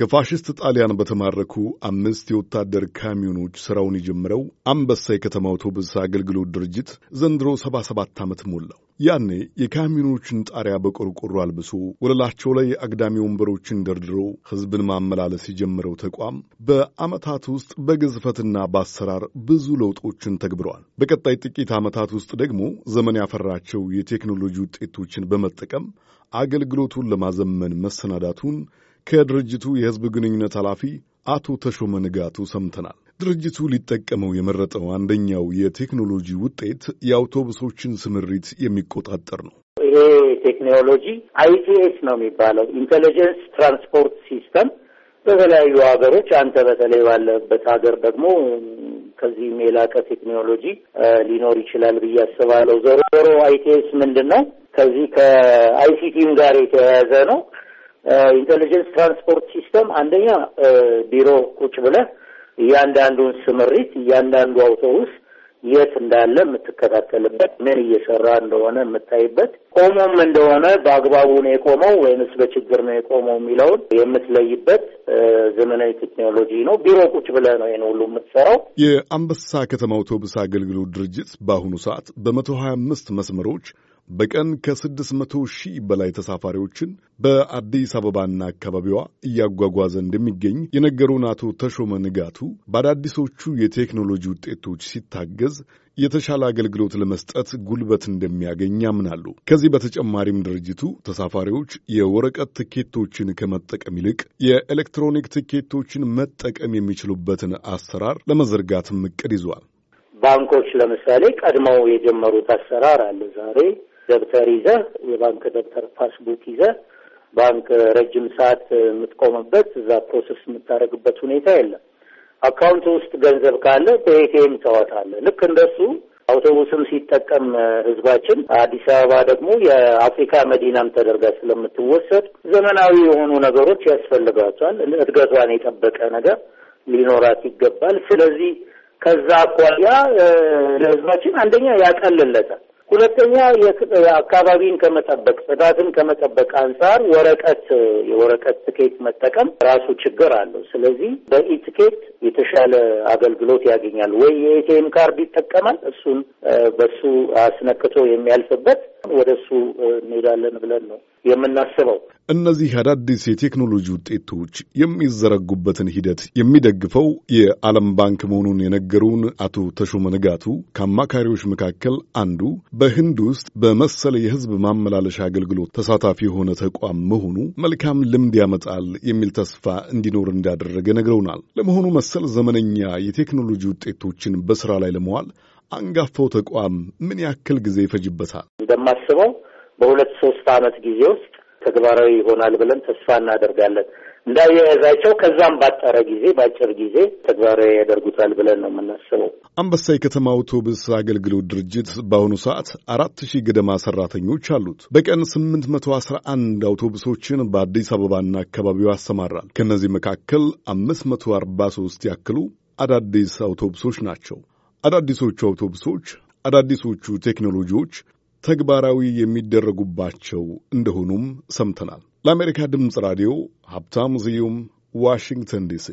ከፋሽስት ጣሊያን በተማረኩ አምስት የወታደር ካሚዮኖች ሥራውን የጀምረው አንበሳ የከተማ አውቶቡስ አገልግሎት ድርጅት ዘንድሮ ሰባ ሰባት ዓመት ሞላው። ያኔ የካሚዮኖችን ጣሪያ በቆርቆሮ አልብሶ ወለላቸው ላይ አግዳሚ ወንበሮችን ደርድሮ ሕዝብን ማመላለስ የጀመረው ተቋም በዓመታት ውስጥ በግዝፈትና በአሰራር ብዙ ለውጦችን ተግብረዋል። በቀጣይ ጥቂት ዓመታት ውስጥ ደግሞ ዘመን ያፈራቸው የቴክኖሎጂ ውጤቶችን በመጠቀም አገልግሎቱን ለማዘመን መሰናዳቱን ከድርጅቱ የህዝብ ግንኙነት ኃላፊ አቶ ተሾመ ንጋቱ ሰምተናል። ድርጅቱ ሊጠቀመው የመረጠው አንደኛው የቴክኖሎጂ ውጤት የአውቶቡሶችን ስምሪት የሚቆጣጠር ነው። ይሄ ቴክኖሎጂ አይቲኤስ ነው የሚባለው ኢንቴሊጀንስ ትራንስፖርት ሲስተም በተለያዩ ሀገሮች አንተ በተለይ ባለበት ሀገር ደግሞ ከዚህም የላቀ ቴክኖሎጂ ሊኖር ይችላል ብዬ አስባለሁ። ዞሮ ዞሮ አይቲኤስ ምንድን ነው? ከዚህ ከአይሲቲም ጋር የተያያዘ ነው። ኢንቴሊጀንስ ትራንስፖርት ሲስተም አንደኛ ቢሮ ቁጭ ብለህ እያንዳንዱን ስምሪት እያንዳንዱ አውቶቡስ የት እንዳለ የምትከታተልበት፣ ምን እየሰራ እንደሆነ የምታይበት፣ ቆሞም እንደሆነ በአግባቡ ነው የቆመው ወይምስ በችግር ነው የቆመው የሚለውን የምትለይበት ዘመናዊ ቴክኖሎጂ ነው። ቢሮ ቁጭ ብለ ነው ይህን ሁሉ የምትሰራው። የአንበሳ ከተማ አውቶቡስ አገልግሎት ድርጅት በአሁኑ ሰዓት በመቶ ሀያ አምስት መስመሮች በቀን ከ600 ሺህ በላይ ተሳፋሪዎችን በአዲስ አበባና አካባቢዋ እያጓጓዘ እንደሚገኝ የነገሩን አቶ ተሾመ ንጋቱ በአዳዲሶቹ የቴክኖሎጂ ውጤቶች ሲታገዝ የተሻለ አገልግሎት ለመስጠት ጉልበት እንደሚያገኝ ያምናሉ። ከዚህ በተጨማሪም ድርጅቱ ተሳፋሪዎች የወረቀት ትኬቶችን ከመጠቀም ይልቅ የኤሌክትሮኒክ ትኬቶችን መጠቀም የሚችሉበትን አሰራር ለመዘርጋትም እቅድ ይዟል። ባንኮች ለምሳሌ ቀድመው የጀመሩት አሰራር አለ። ዛሬ ደብተር ይዘ የባንክ ደብተር ፓስቡክ ይዘ ባንክ ረጅም ሰዓት የምትቆምበት እዛ ፕሮሰስ የምታደርግበት ሁኔታ የለም። አካውንት ውስጥ ገንዘብ ካለ በኤቲኤም ታወጣለህ። ልክ እንደሱ አውቶቡስም ሲጠቀም ህዝባችን፣ አዲስ አበባ ደግሞ የአፍሪካ መዲናም ተደርጋ ስለምትወሰድ ዘመናዊ የሆኑ ነገሮች ያስፈልጋቸዋል። እድገቷን የጠበቀ ነገር ሊኖራት ይገባል። ስለዚህ ከዛ አኳያ ለህዝባችን አንደኛ ያቀልለታል ሁለተኛ አካባቢን ከመጠበቅ ጽዳትን ከመጠበቅ አንጻር ወረቀት የወረቀት ትኬት መጠቀም ራሱ ችግር አለው። ስለዚህ በኢትኬት የተሻለ አገልግሎት ያገኛል ወይ የኤቲኤም ካርድ ይጠቀማል፣ እሱን በሱ አስነክቶ የሚያልፍበት ወደ እሱ እንሄዳለን ብለን ነው የምናስበው። እነዚህ አዳዲስ የቴክኖሎጂ ውጤቶች የሚዘረጉበትን ሂደት የሚደግፈው የዓለም ባንክ መሆኑን የነገሩን አቶ ተሾመ ንጋቱ ከአማካሪዎች መካከል አንዱ በህንድ ውስጥ በመሰለ የህዝብ ማመላለሻ አገልግሎት ተሳታፊ የሆነ ተቋም መሆኑ መልካም ልምድ ያመጣል የሚል ተስፋ እንዲኖር እንዳደረገ ነግረውናል። ለመሆኑ መሰል ዘመነኛ የቴክኖሎጂ ውጤቶችን በስራ ላይ ለመዋል አንጋፋው ተቋም ምን ያክል ጊዜ ይፈጅበታል? እንደማስበው በሁለት ሶስት ዓመት ጊዜ ውስጥ ተግባራዊ ይሆናል ብለን ተስፋ እናደርጋለን። እንዳያያዛቸው ከዛም ባጠረ ጊዜ በአጭር ጊዜ ተግባራዊ ያደርጉታል ብለን ነው የምናስበው። አንበሳ የከተማ አውቶቡስ አገልግሎት ድርጅት በአሁኑ ሰዓት አራት ሺህ ገደማ ሰራተኞች አሉት። በቀን ስምንት መቶ አስራ አንድ አውቶቡሶችን በአዲስ አበባና አካባቢው ያሰማራል። ከእነዚህ መካከል አምስት መቶ አርባ ሶስት ያክሉ አዳዲስ አውቶቡሶች ናቸው። አዳዲሶቹ አውቶቡሶች አዳዲሶቹ ቴክኖሎጂዎች ተግባራዊ የሚደረጉባቸው እንደሆኑም ሰምተናል። ለአሜሪካ ድምፅ ራዲዮ ሀብታሙ ስዩም ዋሽንግተን ዲሲ